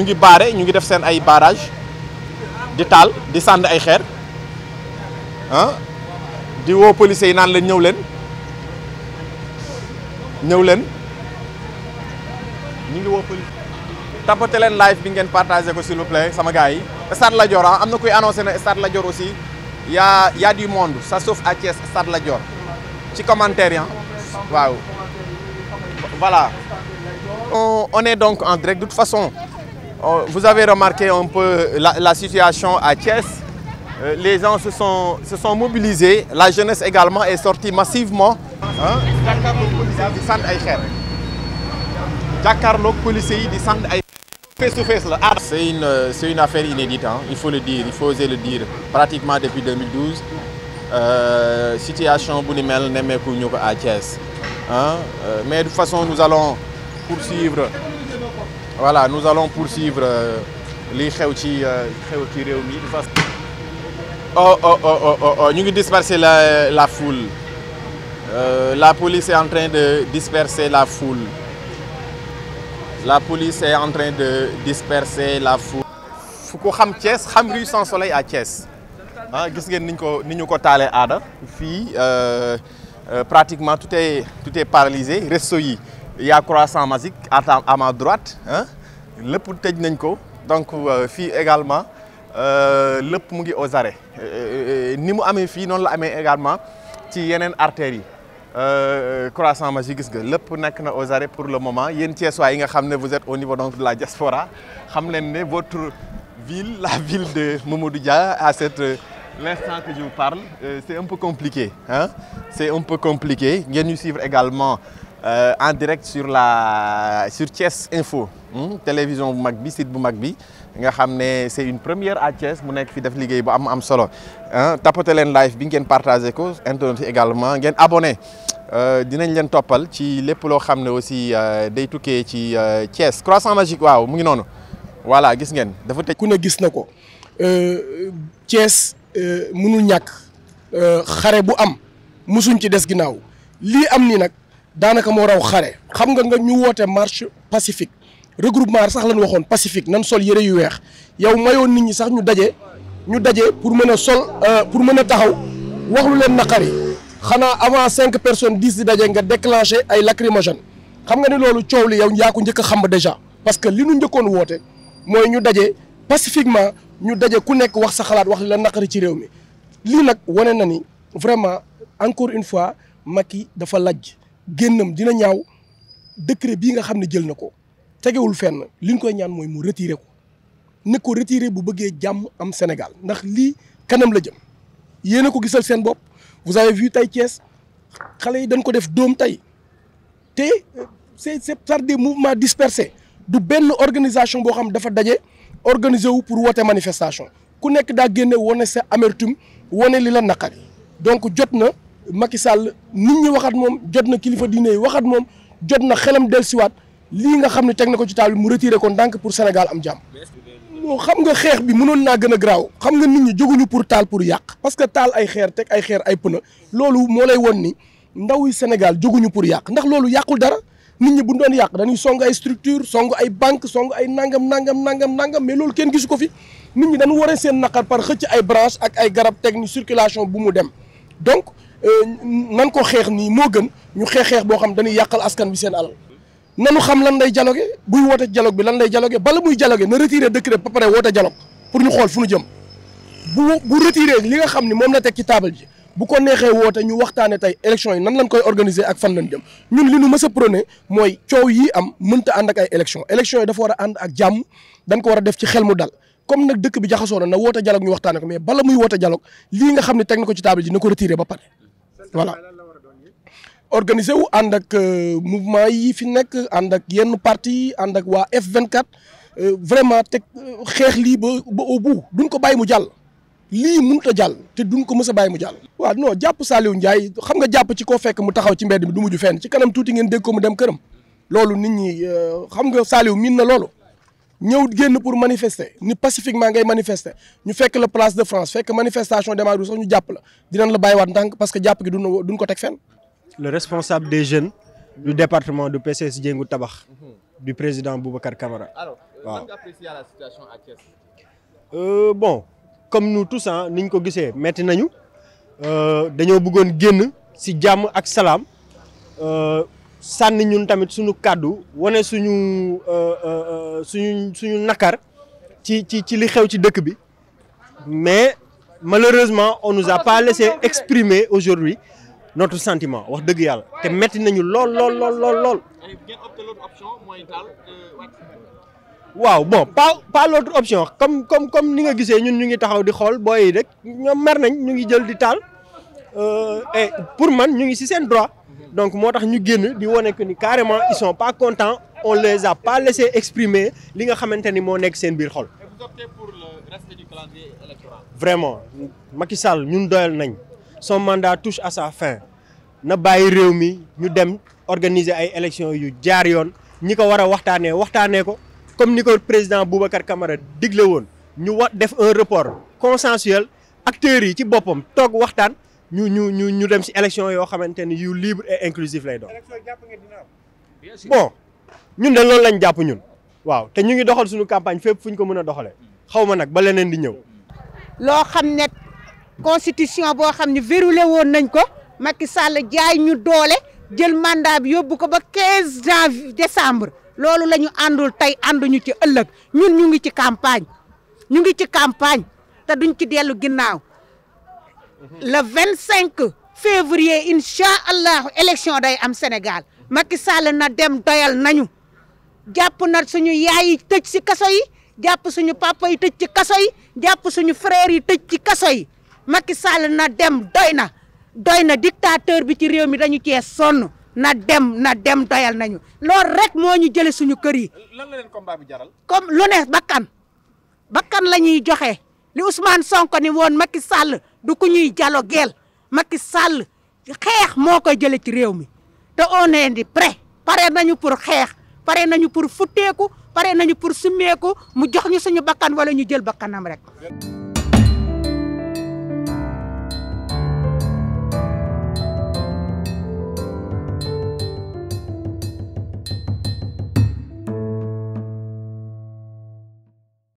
ñu ngi baare ñu ngi def seen ay barrage di taal di sànni ay xeer ah di woo policiers yi naan leen ñëw leen ñëw leen ñu ngi woo police tapote leen live bi ngeen partagé ko s'il vous plaît sama gars yi Stade Lat Dior ah, am na koy annoncé ne Stade Lat Dior aussi y a a du monde ça sauf à Thiès Stade Lat Dior ci commentaire ya ah, waaw voilà on est donc en direct de toute façon vous avez remarqué un peu la, situation à Thiès. Euh, les gens se sont, se mobilisés. La jeunesse également est sortie massivement. jàkkaarloog policiers yi di sànni ay xeer. jàkkaarloog policiers yi di sànni ay face to face la. Ah. c'est une euh, c'est une affaire inédite hein, il faut le dire il faut oser le dire pratiquement depuis 2012 euh, situation bu ni mel nemmeeku ko à Thiès ah mais de toute façon nous allons poursuivre. voilà nous allons poursuivre euh, li xew ci euh, xew ci réew mi. Oh, oh oh oh oh oh ñu ngi disperser la la foule euh, la police est en train de disperser la foule la police est en train de disperser la foule. fu ko xam Thiès xam rue sans soleil à Thiès ah gis ngeen niñ ko ni ñu ko taalee aada fii euh, pratiquement tout est tout est paralysé resto yi. il y a Croissant Magique à, à ma droite ah lépp tëj nañ ko donc euh, fii également euh, lépp mu ngi aux arrêts euh, ni mu amee fii noonu la amee également ci yeneen artères yi Croissant Magique gis nga lépp nekk na aux arrêts pour le moment yéen Thiessois yi nga xam ne vous êtes au niveau donc de la diaspora xam leen ne votre ville la ville de Mamadou Dia à cette l'instant que je vous parle c'est un peu compliqué hein c'est un peu compliqué ngeen ñu suivre également Euh, en direct sur la sur Thiès Info mmh. télévision bu mag bi site bu mag bi nga xam ne c'est une première à Thiès mu nekk fi def liggéey bu am am solo tapote leen live bi ngeen partagé ko internet yi également ngeen abonné euh, dinañ leen toppal ci lépp loo xam ne aussi euh, day tukkee ci euh, Thiès croissant magique waaw mu ngi noonu voilà gis ngeen dafa te ku ne gis na ko Thiès mënul ñàkk xare bu am musuñ ci des ginnaaw lii am nii nag daanaka moo raw xare xam nga nga ñu woote marché pacifique regroupement sax lañu waxoon pacifique nan sol yére yu weex yow mayoon nit ñi sax ñu daje ñu daje pour mën a sol euh, pour mën a taxaw wax lu leen naqari xanaa avant cinq personnes dis di daje nga déclenché ay lacrymogène xam nga ne loolu coow li yow yaa ko njëkk a xam déjà parce que li nu njëkkoon woote mooy ñu daje pacifiquement ñu daje ku nekk wax sa xalaat wax li la naqari ci réew mi lii nag wane na ni vraiment encore une fois Macky dafa lajj génnam dina ñaaw décret bii nga xam ne jël na ko tegewul fenn li ñu koy ñaan mooy mu retiré ko ne ko retiré bu bëggee jàmm am Sénégal ndax lii kanam la jëm yéen a ko gisal seen bopp vous avez vu tey Thiès xale yi dañ ko def doom tey te c'est c'est par des mouvements dispersés du benn organisation boo xam dafa daje organiser wu pour woote manifestation ku nekk daa génne wane sa amertume wane li la naqari donc jot na. Macky Sall nit ñi waxat moom jot na kilifa diine yi waxat moom jot na xelam dellusiwaat lii nga xam ne teg na ko ci taal bi mu retiré ko ndànk pour Sénégal am jàmm. moo xam nga xeex bi mënoon naa gën a garaaw xam nga nit ñi jóguñu pour taal pour yàq. parce que taal ay xeer teg ay xeer ay pneu loolu moo lay won ni ndaw yi Sénégal jóguñu pour yàq ndax loolu yàqul dara nit ñi bu doon yàq dañuy song ay structure song ay banque song ay nangam nangam nangam nangam mais loolu kenn gisu ko fi nit ñi dañu waree seen naqar par xëcc ay branche ak ay garab teg bu mu dem donc. Euh, nan ko xeex nii moo gën ñu xeex-xeex boo xam dañuy yàqal askan bi seen alal nanu xam lan lay dialogue buy woote dialogue bi lan lay dialogue bala muy dialogue na retiré décret ba pare woote dialogue pour ñu xool fu ñu jëm bu bu li nga xam ni moom la teg ci table ji bu ko neexee woote ñu waxtaane tey élection yi nan lañ koy organiser ak fan lañ jëm ñun li ñu mës a prôné mooy coow yi am mënta ànd ak ay élection élection yi dafa war a jàmm dañ ko a def ci xel mu dal comme nag dëkk bi jaxasoo na na woote dialogue ñu waxtaane ko mais bala muy woote dialogue lii nga ne teg ko ci table ji na ko retiré ba pare voilà organiser wu ànd ak euh, mouvement yi fi nekk ànd ak yenn parti ànd ak waa F24 euh, vraiment teg euh, xeex lii ba ba au bout duñ ko bàyyi mu jàll lii mënut a jàll te duñ ko mës a bàyyi mu jàll waaw non jàpp Saliou Ndiaye xam nga jàpp ci koo fekk mu taxaw ci mbedd mi du mujju fenn ci kanam tuuti ngeen dégg ko mu dem këram loolu nit ñi xam nga Saliou miin na loolu ñëw génn pour manifester ni pacifiquement ngay manifester ñu fekk la place de France fekk manifestation démarré wu sax ñu jàpp la dinañ la bàyyiwaat ndànk parce que jàpp gi duñ duñ ko teg fenn. le responsable des jeunes du département du PCS Diengu Tabax du président Boubacar Camara. alors waaw la euh, comme nous tous ah ni ñu ko gisee metti nañu euh, dañoo buggoon génn si jàmm ak salaam. Euh, sànni ñun tamit suñu kàddu wane suñu euh, euh, euh, suñu suñu nakar ci ci ci li xew ci dëkk bi mais malheureusement on nous a pas laissé exprimer aujourd'hui notre sentiment wax dëgg yàlla te metti nañu lool lool lool lool waaw bon pas pas l'autre option comme comme comme ni nga gisee ñun ñu ngi taxaw di xool booy yi rek ñoom mer nañ ñu ngi jël di taal et pour man ñu ngi ci seen droit donc moo tax ñu génn di wane que ni carrément ils sont pas contents on les a pas laissé exprimer li nga xamante ni moo nekk seen biir xol. vraiment Macky Sall ñun doyal nañ son mandat touche à sa fin na bàyyi réew mi ñu dem organiser ay élections yu jaar yoon ñi ko war a waxtaanee waxtaanee ko comme ni ko président Boubacar Camara digle woon ñu wa def un report consensuel acteurs yi ci boppam toog waxtaan. ñu ñu ñu ñu dem si élection yoo xamante ni yu libre et inclusive lay doon. bon ñun de loolu lañ jàpp ñun. waaw te ñu ngi doxal suñu campagne fépp fu ñu ko mën a doxalee. xawma nag ba leneen di ñëw. loo xam ne constitution boo xam ne verrouillé woon nañ ko Macky Sall jaay ñu doole jël mandat bi yóbbu ko ba 15 janvier décembre loolu la ñu àndul tey ànduñu ci ëllëg ñun ñu ngi ci campagne ñu ngi ci campagne te duñ ci dellu ginnaaw. la vingt cinq février incha allahu élection day am Sénégal Macky Sall na dem doyal nañu jàpp na suñu yay yi tëj ci kaso yi jàpp suñu papa yi tëj ci kaso yi jàpp suñu frère yi tëj ci kaso yi Macky Sall na dem doy na doy na dictateur bi ci réew mi dañu cee sonn na dem na dem doyal nañu loolu rek moo ñu jëlee suñu kër yi. la leen combat comme lu ne bakkan bakkan la ñuy joxe. li Ousmane Sonko ni woon Macky Sall du ku ñuy dialogueel Macky Sall xeex moo koy jëlee ci réew mi te on est di prêt pare nañu pour xeex pare nañu pour futteeku pare nañu pour summeeku mu jox ñu suñu bakkan wala ñu jël bakkanam rek.